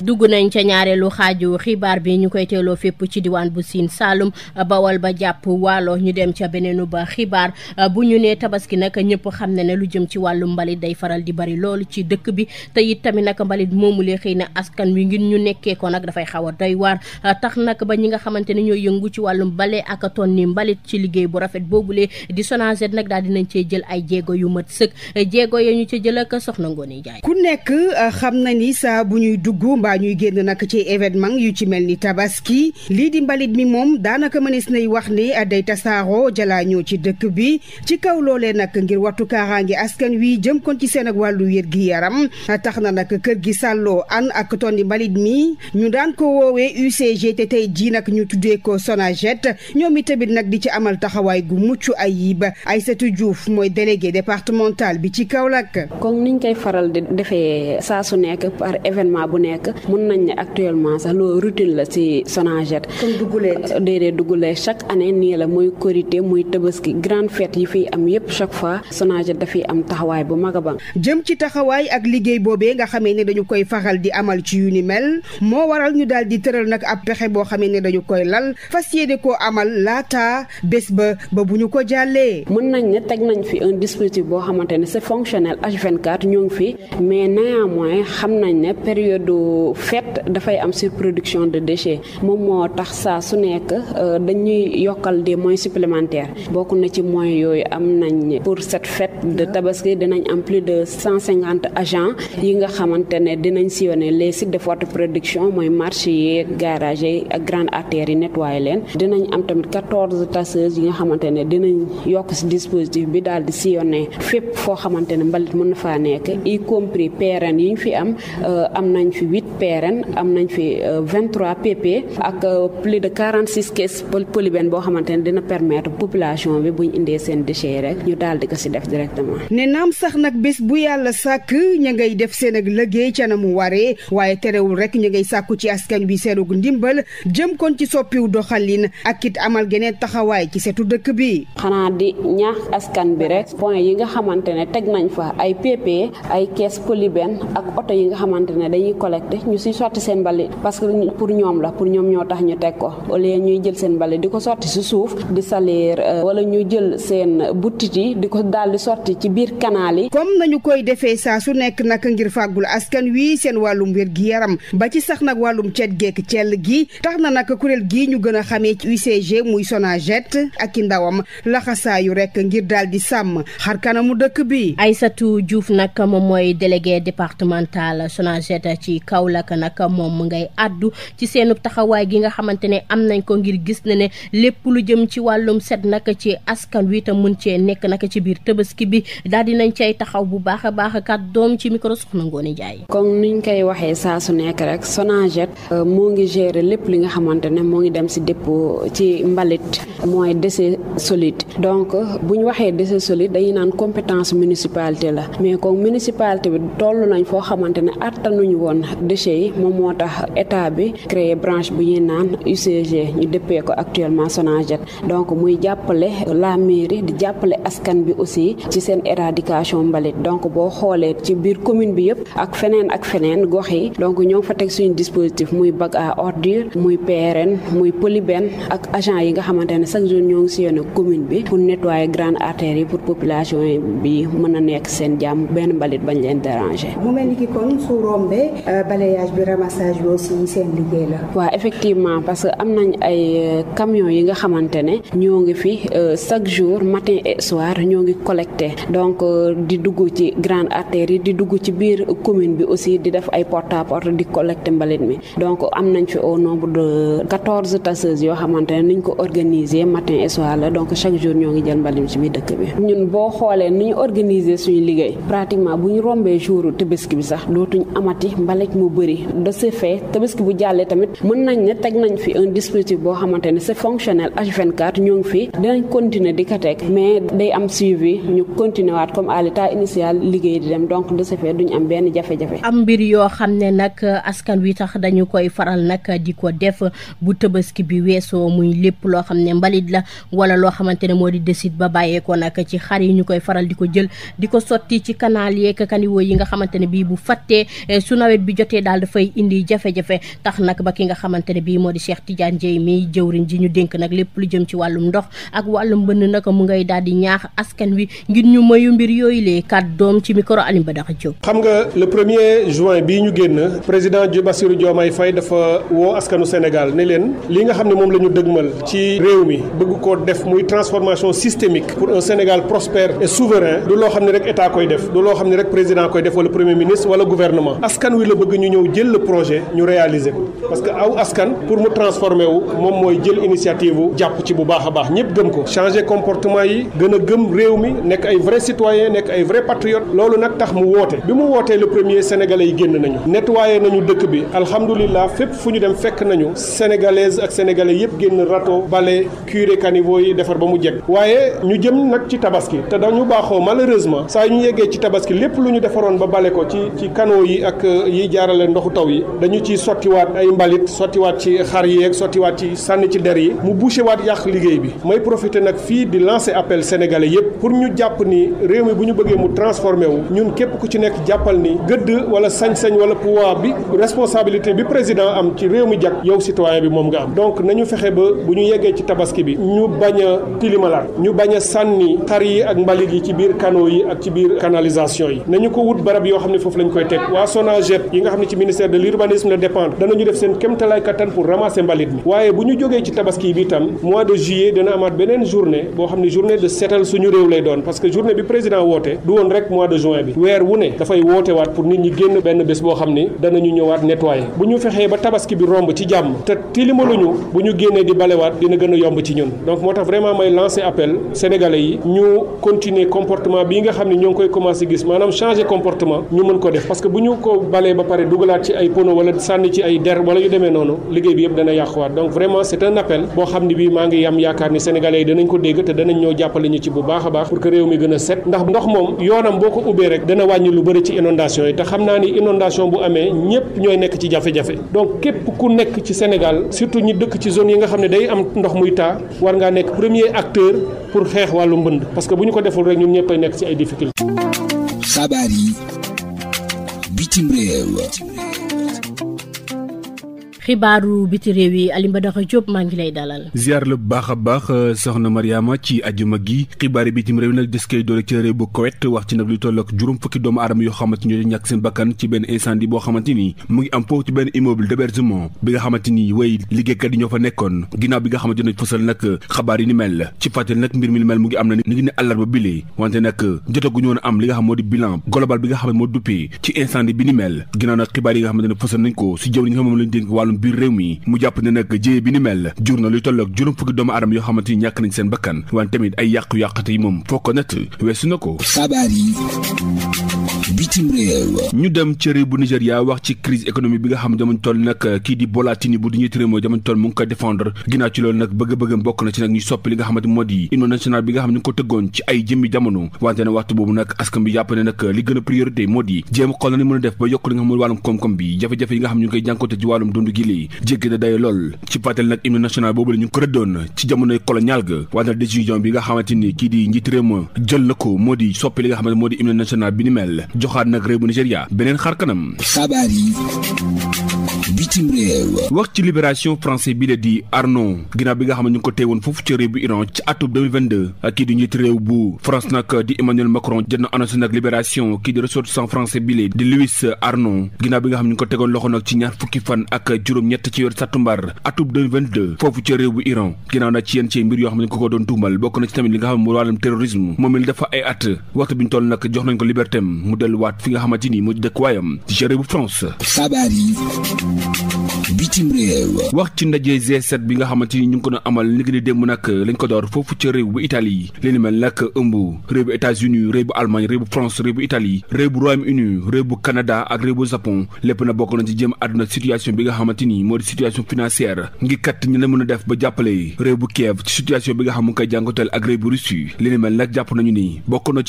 dugg nañ ca ñaareelu xaaju xibaar bi ñu koy teeloo fépp ci diwaan bu siin Saalum Bawol ba jàpp waalo ñu dem ca beneenu ba xibaar bu ñu nee tabaski nag ñëpp xam ne ne lu jëm ci wàllu mbalit day faral di bari loolu ci dëkk bi te it tamit nag mbalit moomulee xëy na askan wi ngir ñu nekkee ko nag dafay xaw a doy waar tax nag ba ñi nga xamante ne ñooy yëngu ci wàllum bale ak tonni mbalit ci liggéey bu rafet boobu lee di SONAGED nag daal nañ cee jël ay jéego yu mat sëkk jéego ya ñu ci jël ak soxna Ngoone euh, Njaay mbaa ñuy génn nag ci événement yu ci mel ni tabaski lii di mbalit mi moom daanaka mënees nay wax ni day tasaaroo jalaañoo ci dëkk bi ci kaw loolee nag ngir wattu kaaraange askan wi jëm kon ci seen ak wàllu wér gi yaram tax na nag kër gi sàlloo an ak tonni mbalit mi ñu daan ko woowee UCG te tey jii nag ñu tuddee ko Sonaget ñoom itamit nag di ci amal taxawaay gu mucc ay ay Aïssatou Diouf mooy délégué départemental bi ci Kaolack. comme niñ koy faral di defee saa su nekk par bu nekk mun nañ ne actuellement sax loolu routine la ci Sonaged. comme duggulee déedéet duggule chaque année nii la muy korité muy tabaski grande fête yi fi am yépp chaque fois Sonaged dafi am taxawaay bu mag a ba. jëm ci taxawaay ak liggéey boobee nga xamee ne dañu koy faral di amal ci yu ni mel moo waral ñu daal di tëral nag ab pexe boo xamee ne dañu koy lal fas yéene koo amal laata bés ba ba bu ñu ko jàllee. mun nañ ne teg nañ fi un dispositif boo xamante ne c'est fonctionnel H24 ñu ngi fi xam nañ ne période. fait dafay am production de déchets moom moo tax saa su nekk euh, dañuy yokkal de mooy supplémentaires bokk na ci moyens yooyu am nañ pour cette fête de tabaski dinañ am plus de cent cinquante agents yi nga xamante ne dinañ sillonner les sites de forte production mooy marché yi garage yi ak grande artère yi nettoyer leen dinañ am tamit quatorze tasseuses yi nga xamante ne dinañ yokk si dispositif bi daal di sillonner fépp foo xamante mbalit mën na faa nekk y compris PRN yi ñu fi am euh, am nañ fi huit PRN am nañ fi 23 euh, PP ak euh, plus de 46 caisses polybène boo xamante ne dina permettre population bi buñ indee seen déchets ñu daal di ko si def directement. naam sax nag bés bu yàlla sàkk ña ngay def seen ak liggéey ca na mu waree waaye terewul rek ña ngay sàkku ci askan bi seenug ndimbal jëm kon ci soppiwu doxalin ak it amal geneen taxawaay ci setu dëkk bi. xanaa di ñaax askan bi rek point yi nga xamante ne teg nañ fa ay PP ay caisse polybène ak oto yi nga xamante dañuy collecté ñu si sotti seen mbalit parce que pour ñoom la pour ñoom ñoo tax ñu teg ko au lieu ñuy jël seen mbalit di ko sotti si suuf di salir euh, wala ñuy jël seen butit yi di ko daal di sotti ci biir kanaal yi. comme nañu koy defee saa su nekk nag ngir fàggul askan wi seen wàllum wér gi yaram ba ci sax nag wàllum cet geek cell gi tax na nag kuréel gii ñu gën a xamee ci UCG muy Sonaget ak i ndawam laxasaayu rek ngir daal di sàmm xar kanamu dëkk bi. ay Aïssatou Diouf nag moom mooy délégué départemental Sonaget ci kaw Kaolack nag moom mu ngay àddu ci seenu taxawaay gi nga xamante ne am nañ ko ngir gis na ne lépp lu jëm ci wàllum set nag ci askan wi te mun cee nekk nag ci biir tabaski bi daal di nañ cay taxaw bu baax a baax kat doom ci micro soxna Ngoone Njaay comme ñu koy waxee saa su nekk rek Sonaget euh, moo ngi gérer lépp li nga xamante ne moo ngi dem si dépôt ci mbalit mooy déchets solide donc bu ñu waxee déchets solides dañuy naan compétence municipalité la mais comme municipalité déchets yi moom moo tax état bi créé branche bu ñuy naan UCG ñu dëppee ko actuellement Sonaget donc muy jàppale la mairie di jàppale askan bi aussi ci seen éradication mbalit donc boo xoolee ci biir commune bi yëpp ak feneen ak feneen gox yi donc ñoo fa teg suñu dispositif muy bac à ordure muy PRN muy polyben ak agent yi nga xamante ne chaque jour ñoo ngi si yoon commune bi pour nettoyer grande artère yi pour population bi mën a nekk seen jàmm benn mbalit bañ leen déranger. embouteillage bi ramassage bi aussi seen liggéey la. waaw effectivement parce que am nañ ay euh, camions yi nga xamante ne ñoo ngi fi euh, chaque jour matin et soir ñoo ngi collecté donc euh, di dugg ci grande artère yi di dugg ci biir commune bi aussi di def ay porte à porte di collecté mbalit mi donc am nañ fi au nombre de quatorze tasseuses yoo xamante ne niñ ko organiser matin et soir la donc chaque jour ñoo ngi jël mbalit mi ci biir dëkk bi. ñun boo xoolee ni ñu organiser suñu liggéey pratiquement bu sax bëri de ce fait tabaski bu jàllee tamit mën nañ ne teg nañ fi un dispositif boo xamante ne c'est fonctionnel H24 ñoo ngi fi dinañ ko teg mais day am suivi ñu comme à l'état initial liggéey di dem donc de ce am benn jafe am mbir yoo xam ne nag askan wi tax dañu koy faral nag di ko def bu tabaski bi weesoo muy lépp loo xam ne mbalit la wala loo xamante ne moo di décide ba bàyyeekoo nag ci xar yi ñu koy faral di ko jël di ko sotti ci kanaal yeeg kaniwo yi nga xamante ne bu fàttee su nawet bi jotee daal dafay indi jafe-jafe tax nag ba ki nga xamante ne bii moo di Cheikh Tidiane Dièye mi jëwriñ ji ñu dénk nag lépp lu jëm ci wàllum ndox ak wàllum mbënn nag mu ngay daal di ñaax askan wi ngir ñu mayu mbir yooyu lee kàddoom ci micro Alioune Badara Diop. xam nga le premier juin bii ñu génn président Bassirou Diomaye Faye dafa woo askanu Sénégal ne leen li nga xam ne moom la ñu dëgmal ci réew mi bëgg koo def muy transformation systémique pour un Sénégal prospère et souverain loo xam ne rek état koy def loo xam ne rek président koy def wala wala gouvernement ñëw jël le projet ñu réaliser ko parce que aw askan pour mu transformer wu moom mooy jël initiative wu jàpp ci bu baax a baax ñëpp gëm ko changer comportement yi gën gëm réew mi nekk ay vrai citoyen nekk ay vrai patriote loolu nag tax mu woote bi mu wootee le premier sénégalais yi génn nañu nettoyé nañu dëkk bi alhamdulilah fépp fu ñu dem fekk nañu sénégalaise ak sénégalais yëpp génn râteau bale curé caniveau yi defar ba mu jekk waaye ñu jëm nag ci tabaski te dañu baaxoo malheureusement saa ñu yeggee ci tabaski lépp lu ndoxu taw yi dañu ciy sottiwaat ay mbalit sottiwaat ci xar yeeg sottiwaat ci sànni ci der yi mu bouché waat yàq liggéey bi may profité nag fii di lancer appel sénégalais yépp pour ñu jàpp ni réew mi bu ñu bëggee mu transformé wu ñun képp ku ci nekk jàppal ni gëdd wala sañ-sañ wala pouvoir bi responsabilité bi président am ci réew mi jag yow citoyen bi moom nga am donc nañu fexe ba bu ñu yeggee ci tabaski bi ñu bañ a tilimalaat ñu bañ a sànni xar yi ak mbalit yi ci biir canaux yi ak ci biir yi nañu ko xam ne foofu lañ koy ministère de l'urbanisme la dépendre danañu def seen kéemtalaay kattan pour ramasser mbalit mi waaye bu ñu jógee ci tabaski bi tam mois de juillet dana amaat beneen journée boo xam ne journée de seetal suñu réew lay doon parce que journée bi président woote du woon rek mois de juin bi weer wu ne dafay wootewaat pour nit ñi génn benn bés boo xam ni danañu ñëwaat nettoyer bu ñu fexee ba tabaski bi romb ci jàmm te tilimaluñu bu ñu génnee di balewaat yomb ci ñun moo tax vraiment may lancer appel sénégalais ne ñoo ngi koy commencé gis maanaam changer comportement ñu dugalaat ci ay pono wala sànni ci ay der wala yu demee noonu liggéey bi yëpp dana yàquwaat donc vraiment c'est un appel boo xam ne bii maa ngi am yaakaar ni sénégalais yi danañ ko dégg te danañ ñoo jàppale ñu ci bu baax a baax pour que réew mi gën a set ndax ndox moom yoonam boo ko ubbee rek dana wàññi lu bëri ci inondation yi te xam naa ni inondation bu amee ñëpp ñooy nekk ci jafe-jafe donc képp ku nekk ci Sénégal surtout ñi dëkk ci zone yi nga xam ne day am ndox muy taa war ngaa nekk premier acteur pour xeex wàllu mbënd parce que bu ñu ko deful rek ñun ñëppay nekk ci ay difficultés xabaar yi bitim réew xibaaru biti réew yi Alioune Badara Diop maa ngi lay dalal. ziar la a baax euh, soxna Mariama fukki doomu aadama yoo xamante ñoo ñàkk seen bakkan ci ni mu ngi ni way liggéeykat nekkoon ginnaaw bi nga xamante nañ fësal nag euh, xabaar yi ni mel ci fàttali nag mbir mi ni mel mu ngi am na ni ngi ne àllarba bile wante nag euh, jotagu ñoon am li nga xam moo di bilan global bi nga xam moo duppee ci incendie bi ni mel ginnaaw nag xibaar yi nga xamante ne fësal nañ ko si jëw li nga xam moom lañ dénk wàllum biir réew mi mu jàpp ne nag jéye bi ni mel jur na luy tolloog juróom fukki doomu aadama yoo xamante ni ñàkk nañ seen bakkan wante tamit ay yàqu-yàqate yi moom foo ko natt weesu na ko bitim réew ñu ci réew bu Nigéria wax ci crise économique bi nga xam jamono toll nag kii di Bola Tinubu di njiitu réew moo jamono toll mu ngi koy défendre ginnaaw ci loolu nag bëgg-bëggam bokk na ci nag ñu soppi li nga xamante moo di union nationale bi nga xam ne ñu ko tëggoon ci ay jëmmi jamono wante na waxtu boobu nag askan bi jàpp ne nag li gën a moo di jéem xool na ni mën a def ba yokk li nga xam ne wàllum koom-koom bi jafe-jafe yi nga xam ñu ngi koy jànkoonte ci wàllum dund gi lii jéggi na dayo lool ci fàttali nag union nationale boobu la ñu ko rëddoon ci nga xamante ni kii di njiitu réew ma ko moo di soppi li nga xamante moo di union nationale bi joxaat nag réew bu Nigéria beneen xar kanam. xabaar yi bitim réew. wax ci libération français bi la di Arnaud ginnaaw bi nga xam ne ñu ngi ko teewoon foofu ci réew bu Iran ci atum 2022 kii na xam ne ñu ngi ko tegoon loxo nag ci ñaar fukki ñett ci weer sàttumbar atum 2022 foofu ci yenn ci mbir yoo xam ne ko ko doon tuumal bokk na ci tamit li nga xam ne mu wàllum terrorisme moom il dafa ay at waxtu bi ñu toll nag jox nañ ko liberté delluwaat fi nga xamante ni mu dëkkuwaayam géré bu France. xabaar yi bitim réew. wax ci ndaje G7 bi nga xamante ni ñu ngi ko doon amal ni ngi démb nag lañ ko door foofu ca réew bu Italie li ni mel nag ëmb réew bu États-Unis réew bu Allemagne réew bu France réew bu Italie réew bu Royaume-Uni réew bu Canada ak réew bu Japon lépp na bokk na ci jëm àdduna situation bi nga xamante ni moo di situation financière ngir kat ñu la mën a def ba jàppale réew bu Kiev ci situation bi nga xam mu koy jàngateel ak réew bu Russie jàpp na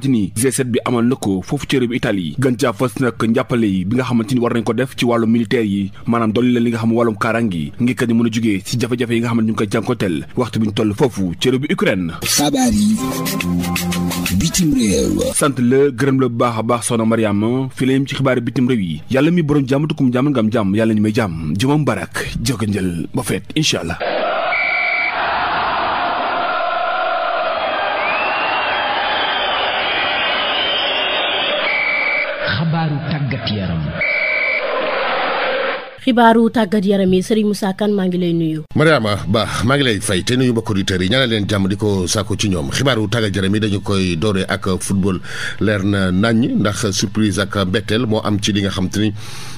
ci ni bi amal na ko foofu ci réew Italie gën caa fës nag njàppale yi bi nga xamante ni war nañ ko def ci wàllum militaire yi maanaam dolli leen li nga xam wàllum kaaraange ngir kat ñu mën a jugee si jafe-jafe yi nga xam ne ñu ngi koy jànkoteel waxtu bi ñu toll foofu ci réew bi Ukraine. xabaar yi bitim réew. sant la gërëm la bu baax a baax soxna Mariama fi la yem ci xibaar bitim réew yi yàlla mi borom jàmm tukum jàmm ngam jàmm yàlla ñu may jàmm jumam barak jóge njël ba feet incha allah xibaar wu tàggat yaram yi Serigne Moussa Kane maa ngi lay nuyu. Mariama Ba maa ngi lay fay te nuyu mbokki auditeurs yi ñaanal leen jàmm di ko sàkku ci ñoom xibaaru tàggat yaram yi dañu koy doore ak football leer na naññ ndax surprise ak mbetteel moo am ci li nga xam te ni.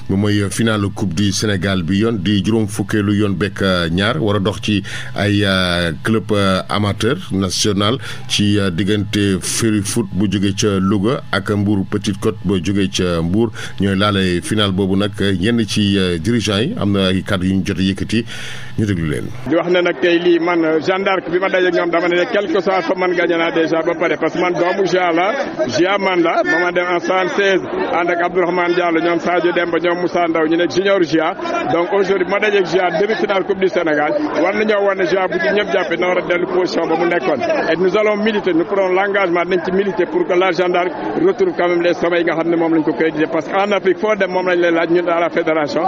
bi mooy final coupe du Sénégal bi yoon di juróom fukkeelu yoon bekk euh, ñaar war a dox ci ay euh, club euh, amateur national ci diggante Ferry Foot bu jóge ca Louga ak Mbour Petite Côte bu jóge ca Mbour ñooy laale final boobu nag yenn ci dirigeants yi am na ay kàddu yu ñu jot a yëkkati ñu déglu leen. di wax ne nag tey lii man Jeanne d'Arc bi ma dajeeg ñoom dama ne quelque soit fa man gañe naa déjà ba pare parce que man doomu Gia la Gia man la ba dem en 76 ànd ñoom ñu nekk junior GIA donc aujourd'hui ma dajeeg GIA demi finale coupe Sénégal war nañoo wane GIA bu ci ñëpp jàppee na war a dellu ba mu nekkoon et nous allons militer nous prenons l'engagement nañ ci militer pour la gendarme retrouve quand même les nga xam ne moom lañ ko crédité parce que en Afrique foo dem moom lañ lay la fédération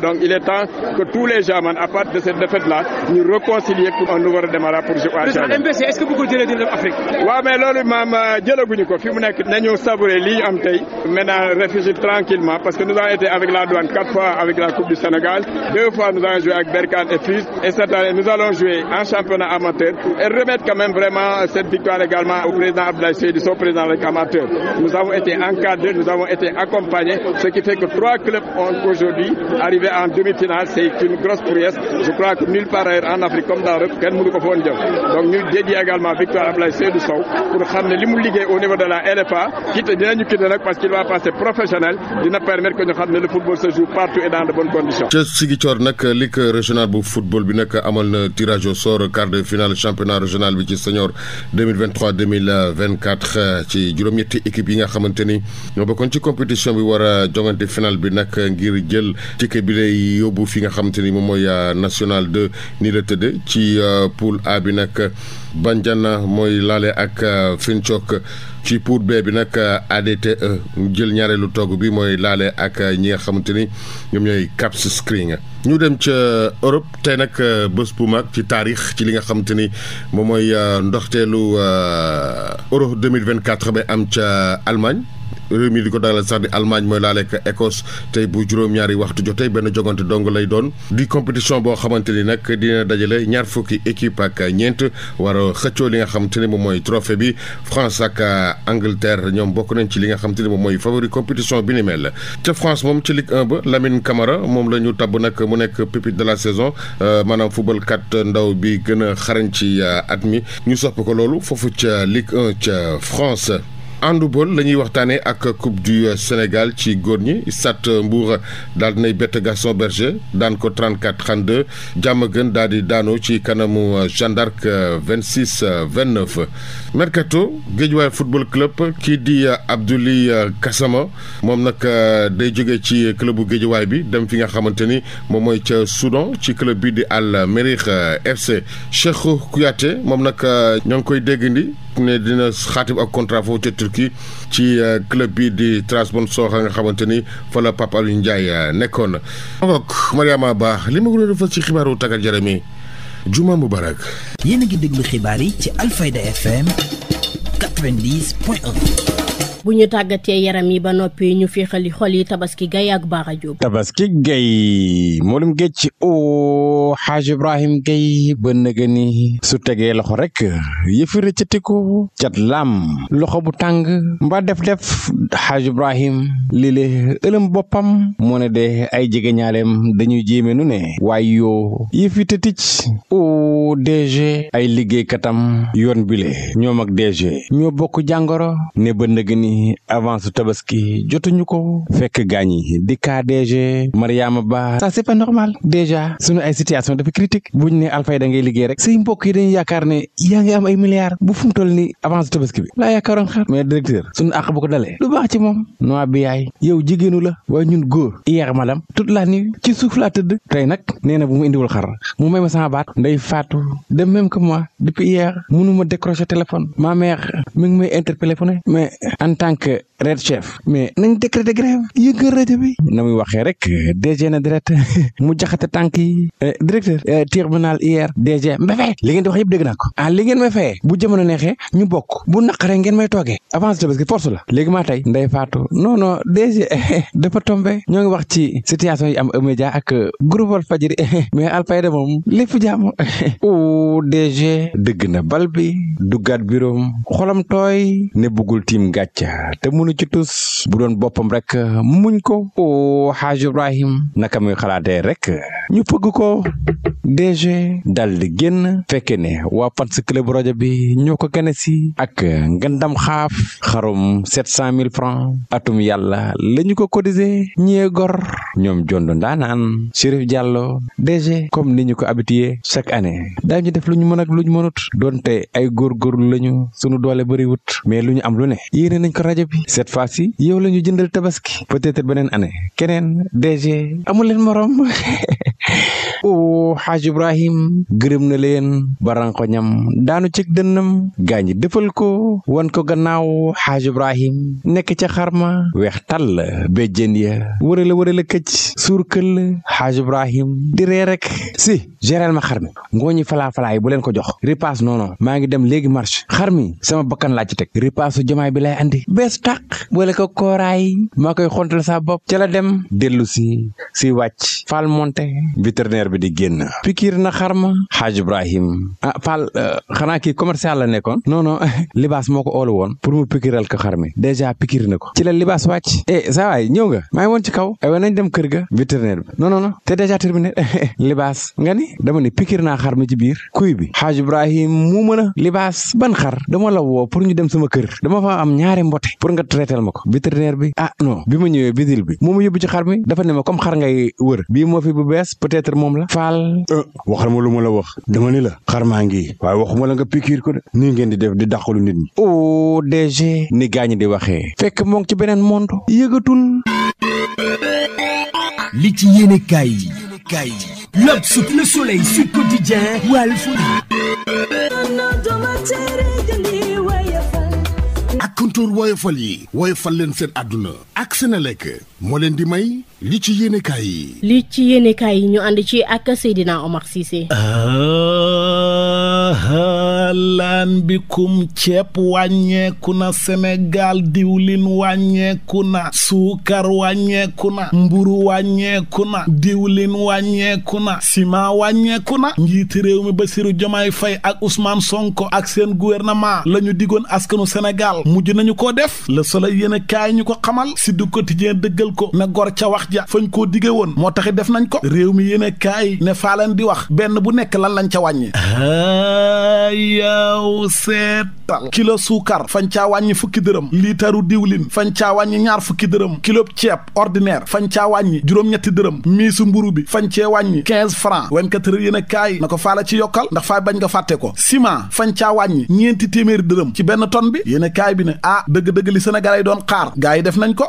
donc il est temps que tous les gens man de cette défaite là ñu réconcilier pour un nouveau ma maintenant réfléchir tranquillement parce que nous avons été avec la douane quatre fois avec la Coupe du Sénégal, deux fois nous avons joué avec Berkane et Fils et cette année nous allons jouer en championnat amateur et remettre quand même vraiment cette victoire également au président avec amateur. Nous avons été encadrés, nous avons été accompagnés, ce qui fait que trois clubs ont en demi-finale, c'est une grosse prouesse. Je crois que nulle part parce qu'il va passer professionnel dina permettre que ñu xam ne le football se joue partout et dans de bonnes conditions. ca Ziguinchor nag ligue régionale bu football bi nag amal na tirage au sort quart de finale championnat régional bi ci senior 2023 2024 ci juróom-ñetti équipe yi nga xamante ni ñoo bokkoon ci compétition bi war a jongante final bi nag ngir jël ticket bi lay yóbbu fi nga xamante ni moom mooy euh, national 2 ni la tëdd ci euh, poule A bi nag Banjana mooy laale ak euh, Finchok. ci pour B bi nag euh, ADTE jël ñaareelu togg bi mooy laale ak euh, ñi nga xamante ni ñoom ñooy CAPS Screening ñu dem ca euh, Europe tey nag bés bu mag ci taarix ci li nga xamante ni moom mooy ndoxteelu Euro 2024 ba am ca Allemagne réew mi di ko dalal sax di Allemagne mooy laaleek Écosse tey bu juróom-ñaari waxtu jotee benn jogante dong lay doon di compétition boo xamante ni nag dina dajale ñaar fukki équipe ak ñeent war a xëccoo li nga xam xamante ni moom mooy trophée bi France ak Angleterre ñoom bokk nañ ci li nga xamante ni moom mooy favori compétition bi ni mel ca France moom ci Ligue 1 ba Lamine Camara moom la ñu tabb nag mu nekk pépite de la saison euh, maanaam football kat ndaw bi gën a xarañ ci at mi ñu sopp ko loolu foofu ca Ligue 1 handball la ñuy waxtaanee ak coupe du Sénégal ci góor ñi Stade Mbour daal dinay bett Gaston Berger daan ko 34 a Diamaguène daal di daanoo ci kanamu Jeanne d'Arc 26 29. mercato Guédiawaye football club kii di Abdoulaye Gassama moom nag euh, day jóge ci bu géejuwaay bi dem fi nga xamante ni moom mooy ca Soudan ci club bi di Al Merrikh euh, FC Cheikhou Kouyaté moom nag euh, ñoo ngi koy dégg déggandi. ne dina xaatim ak contrat foofu ca Turquie ci euh, club bi di Trabzonspor nga xamante ni fa la Pape Alioune Ndiaye euh, nekkoon. mbokk Mariama Ba li ma gën a defal ci xibaaru tàggat yaram yi Juma Mubarak. yéen a ngi déglu xibaar yi ci Alfayda FM bu ñu tàggatee yaram yi ba noppi ñu féexali xol yi tabaski gay ak baax a jóob tabaski gay moolum géej oh, o xaaj ibrahim gay ba nëga ni su tegee loxo rek yëfi rëccatiku cat laam loxo bu tàng mba def-def xaaj ibrahim lile ëlëm boppam moo ne de ay jege dañuy jéeme nu ne waaye yoo yëfi tëtic o oh, DG ay liggéeykatam yoon bile ñoom ak DG ñoo bokk jàngoro ne ba nëga ni ni avance tabaski jotuñu ko fekk gaañ yi di KDG Mariama Ba ça c'est pas normal déjà suñu ay situation dafa critique buñ ne Alfayda ngay liggéey rek say mbokk yi dañuy yaakaar ne yaa am ay milliards bu fu ni avance tabaski bi laa yaakaaroon xaar mais directeur suñu àq bu ko dalee ci moom noa bi yaay yow jigéenu la waaye ñun góor hier madame toute la nuit ci suuf tey nag nee na bu mu indiwul xar mu may ma sama baat nday faatu de même que moi depuis hier mënuma tant que red chef mais nañ décréter grève yëngal rajo bi na muy waxee rek DG na direct [laughs] mu jaxate tànk yi eh, directeur eh, tribunal hier DG mbéfee li ngeen di wax yëpp dégg naa ko ah li ngeen may fayee bu jamono neexee ñu bokk bu naqaree ngeen may toogee avance de parce que force léegi maa tey nday faatu non non DG [laughs] dafa tombé ñoo ngi wax ci situation yi am média ak euh, groupe Walfadjri [laughs] mais Alfayda moom lépp jàmm o DG dëgg na bal bi duggaat bureau xolam tooy ne bëggul tiim gàcca te munu ci tus bu doon boppam rek muñ ko o xaaj Ibrahim naka muy xalaatee rek ñu pëgg ko DG dal di génn fekke ne waa fans bu rajo bi ñoo ko gane si ak ngandam xaaf xarum sept cent mille francs atum yàlla la ñu ko cotisé ñee gor ñoom jond ndaanaan Chérif Diallo DG comme ni ñu ko habitué chaque année ñu def lu ñu mën ak lu ñu mënut donte ay góorgóorlu lañu sunu doole bëriwut mais lu ñu am lu ne nañ ko ko rajo bi cette fois ci yow la ñu tabaski peut-être beneen année keneen DG amu leen morom [laughs] o xaaj ibrahim gërëm na leen baranko ñam daanu cig dënnam gaañi dëfal ko wan ko gannaaw xaaj ibrahim nekk ca xarma weex tàll béjjén ya wërale wërale këcc suur këll xaaj ibrahim di ree rek si géréel ma xar mi ngooñi falaa falaa yi bu leen ko jox ripaas noono maa ngi dem léegi marché xar mi sama bakkan laa ci teg ripaasu jamaay bi lay andi bees tàq boole ko kooraay maa koy xontal sa bopp ca la dem dellu si si wàcc fal monte vétérinaire bi di génn pikiir na xar ma xaaj Ibrahim ah Paal euh, xanaa kii commercial la nekkoon non non [laughs] libaas moo ko oolu woon pour mu xar mi dèjà pikiir na ko ci la libaas wàcc eh saa waay nga maa ngi ci kaw aywa eh, nañ dem kër ga vétérinaire bi non non non te dèjà terminé [laughs] libaas nga ni dama ne pikiir naa xar mi ci kuy bi xaaj Ibrahim mu a libaas ban xar dama la woo pour ñu dem sama dama fa am ñaari mbote pour nga traiteel ma ko vétérinaire bi ah non bi ma ñëwee bisil bi mu ma yóbbu ci xar mi dafa ne ma comme xar ngay wër bii moo fi la faal euh, waxal ma lu ma la wax dama ni la xar maa ngi waaye waxuma la nga pikiir ko de nii ngeen di def di dàqalu nit ñi o DG ni gaañ di waxee fekk moo ngi ci beneen monde yëgatul li ci yéene kaay yi kaay yi L'Obs, Le Soleil, Sud Quotidien, Walf ak kontoor woyofal yi woyofal leen seen àdduna ak lekk moo leen di may li ci yéenekaay yi. li ci yéenekaay yi ñu ànd ci ak Seydina Omar Cissé. lan bikum ceeb wàññeeku na Sénégal diwlin wàññeeku na suukar wàññeeku na mburu wàññeeku na diwlin wàññeeku na ciment wàññeeku na njiiti réew mi ba Bassirou Diomaye fay ak Ousmane Sonko ak seen gouvernement la ñu digoon askanu Sénégal mujj nañu ko def Le Soleil yéenekaay ñu ko xamal Sud Quotidien dëggal ko na gor ca wax ja fañ koo dige woon moo taxit def nañ ko réew mi yéen a kaay ne faalan di wax benn bu nekk lan lañ ca wàññi yaw seetal kilo suukar fañ caa wàññi fukki dërëm liitaru diwlin fañ caa wàññi ñaar fukki dërëm kilo ceeb ordinaire fañ caa wàññi juróom-ñetti dërëm miisu mburu bi fañ cee wàññi quinze francs vingt-quatre heures yéen a kaay na ko faala ci yokkal ndax faa bañ nga fàtte ko ciment fañ caa wàññi ñeenti téeméeri dërëm ci benn tonne bi yéen kaay bi ne ah dëgg-dëgg Sénégal yi doon xaar gaa yi def nañ ko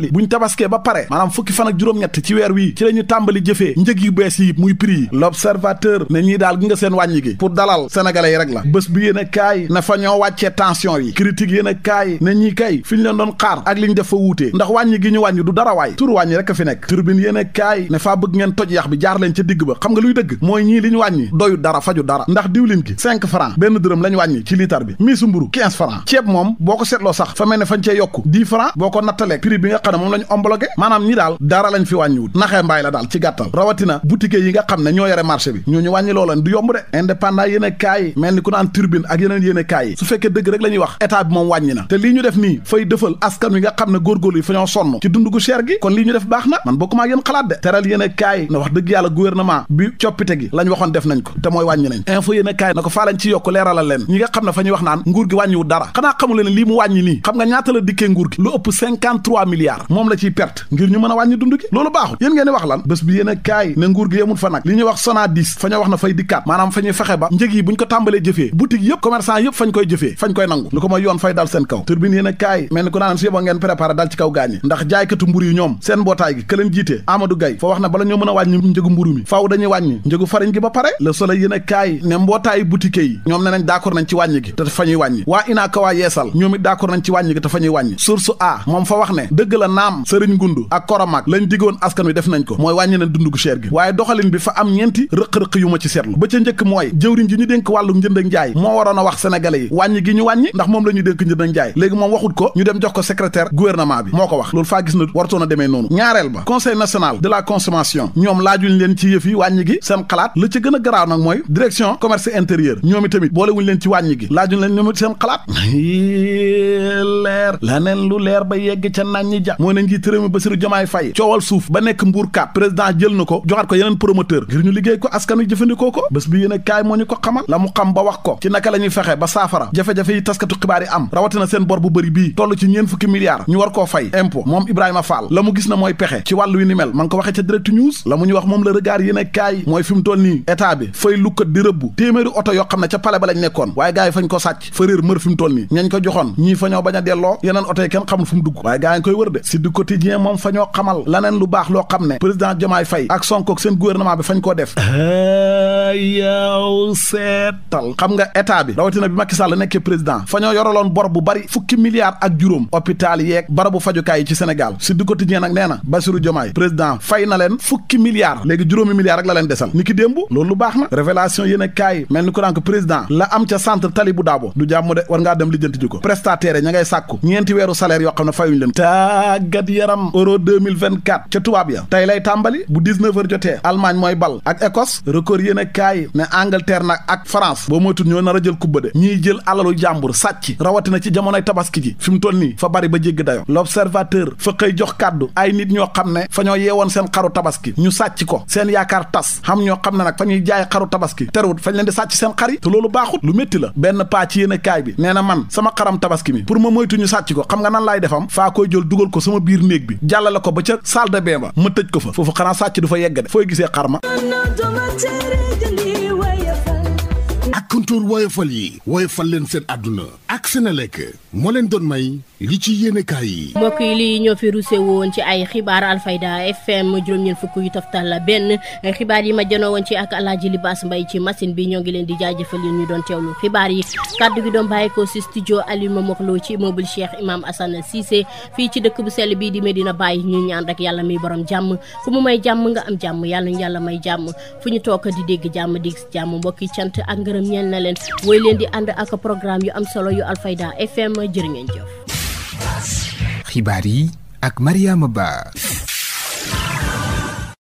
fàttali buñ tabaskee ba pare maanaam fukki fan ak juróom-ñett ci weer wii ci la ñu tàmbali jëfee njëg yu bees yi muy prix yi l'observateur ne ñii daal gi nga seen wàññi gi pour dalal sénégalais yi rek la bés bi yéen a kaay na fa ñoo wàccee tension yi critique yéen a kaay ne ñii kay fi ñu leen doon xaar ak li ñu def fa wuutee ndax wàññi gi ñu wàññi du dara waay tur wàññi rek fi nekk turbine yéen a kaay faa bëgg ngeen toj yax bi jaar leen ca digg ba xam nga moom la ñu maanaam ñi daal dara lañ fi wàññiwut naxee mbaay la daal ci gàttal rawatina boutique yi nga xam ne ñoo yore marché bi ñooñu wàññi loolan du yomb de indépendant yéene kaay yi mel ni ku naan turbine ak yeneen yéene kaay su fekkee dëgg rek la wax état moom wàññi na te lii ñu def nii fay dëfal askan wi nga xam ne góorgóorlu yi fa ñoo sonn ci dund gu cher gi kon lii ñu def baax na man bokkuma ak yéen xalaat de teral yéene kaay na wax dëgg yàlla gouvernement milliards moom la ciy perte ngir ñu mën a wàññi dund gi loolu baaxul yéen ngeen di wax lan bés bi yéen ne nguur gi yemul fa nag li ñuy wax SONADIS fa ñoo wax na fay dikkaat maanaam fa ñuy fexe ba njëg yi bu ñu ko tàmbalee jëfee boutique yëpp commerçant yëpp fañ koy jëfee fañ koy nangu lu ko mooy yoon fay dal seen kaw turbine yéen mel ni ku naan su yeboo ngeen préparé dal ci kaw gaañi ndax jaaykatu mburu yi ñoom seen mbootaay gi këleen jiite Amadou Gaye fa la naam sëriñ ngund ak koromaak lañ digoon askan wi def nañ ko mooy wàññi leen dund gu gi waaye doxalin bi fa am ñeenti rëq-rëq yu ma ci seetlu ba ca njëkk mooy jëwriñ ji ñu dénk wàllu njënd moo waroon a wax sénégalais yi wàññi gi ñu wàññi ndax moom la dénk njënd léegi moom waxut ko ñu dem jox ko secrétaire gouvernement bi moo ko wax loolu faa gis na wartoon a demee noonu ñaareel ba conseil national de la consommation ñoom laajuñ leen ci yëf [laughs] ja moo ne njiit réew mi Bassirou Diomaye Faye coowal suuf ba nekk mbuur kap président jël na ko joxaat ko yeneen promoteur ngir ñu liggéey ko askanu jëfandikoo ko bés bi yéen a kaay moo ñu ko xamal la mu xam ba wax ko ci naka la ñuy fexe ba saafara jafe-jafe yi taskatu xibaar yi am rawatina seen bor bu bëri bii toll ci ñeen fukki milliards ñu war koo fay impôt moom Ibrahima Fall la mu gis na mooy pexe ci wàllu wi ni mel ma ko waxee ca direct news la a kaay mooy fi mu toll nii état bi fay lukkat oto yoo xam ne ca pale ba lañ nekkoon waaye gars a delloo yeneen oto yi kenn xamul fu mu de si du quotidien moom fañoo ñoo xamal laneen lu baax loo xam ne président Diomaye Faye ak Sonko ak seen gouvernement bi fañ koo def yow seetal xam nga état bi rawatina bi Macky Sall nekkee président fa ñoo yoraloon bor bu bari fukki milliards ak juróom hôpital yeeg barabu fajukaay yi ci Sénégal si du quotidien nag nee na Bassirou Diomaye président fay na leen fukki milliards léegi juróomi milliards rek la leen desal ni ki démb loolu lu baax na révélation yéen a kaay mel ni ko daan ko président la am ca centre Talibou Dabo du jàmm de war ngaa dem lijjanti ji ko prestataire ña ngay sàkku ñeenti weeru salaire yoo xam ne fayuñ leen tàggat yaram euro 2024 ca tubaab lay tàmbali bu 19 heures jotee Allemagne mooy bal ak Écosse record yéen a kaay ne Angleterre nag ak France boo moytul ñoo nar a jël kubba de ñiy jël alalu jàmbur sàcc rawatina ci jamonoy tabaski ji fi mu toll nii fa bari ba jégg dayo l'observateur fa xëy jox kàddu ay nit ñoo xam ne fa ñoo yeewoon seen xaru tabaski ñu sàcc ko seen yaakaar tas xam ñoo xam ne nag fa ñuy jaay xaru tabaski terwut fañ leen di sàcc seen xar yi te loolu baaxut lu métti la benn paa ci yéen a nee na man sama xaram tabaski mi pour ma moytu sàcc ko xam nga nan laay defam ko sama biir néeg bi jàllale ko ba ca salle de ma ma tëj ko fa foofu xanaa sàcc du fa yegg de fooy gisee xar ma ak kontoor fal yi fal leen seen àdduna ak Senelec moo leen doon may li ci yéenekaay yi. mbokk yi lii ñoo fi ruuse woon ci ay xibaar Alfayda FM juróom-ñeent fukk yu toftal benn xibaar yi ma janoo woon ci ak Alaaji Libaas Mbay ci machine bi ñoo ngi leen di jaajëfal yéen ñu doon teew teewlu xibaar yi kàddu gi doon bàyyeekoo si studio Aliou Momar Lo ci immeuble Cheikh Imam Assane Cissé fii ci dëkk bu sell bii di Medina bàyyi ñu ñaan rek yàlla mi borom jàmm fu mu may jàmm nga am jàmm yàlla ñu yàlla may jàmm fu ñu toog di dégg jàmm di jàmm mbokk yi cant ak ngërëm ñeel na leen wooy leen di ànd ak programme yu am solo yu Alfayda FM jërë ngeen jëf xibaar yi ak Mariama Ba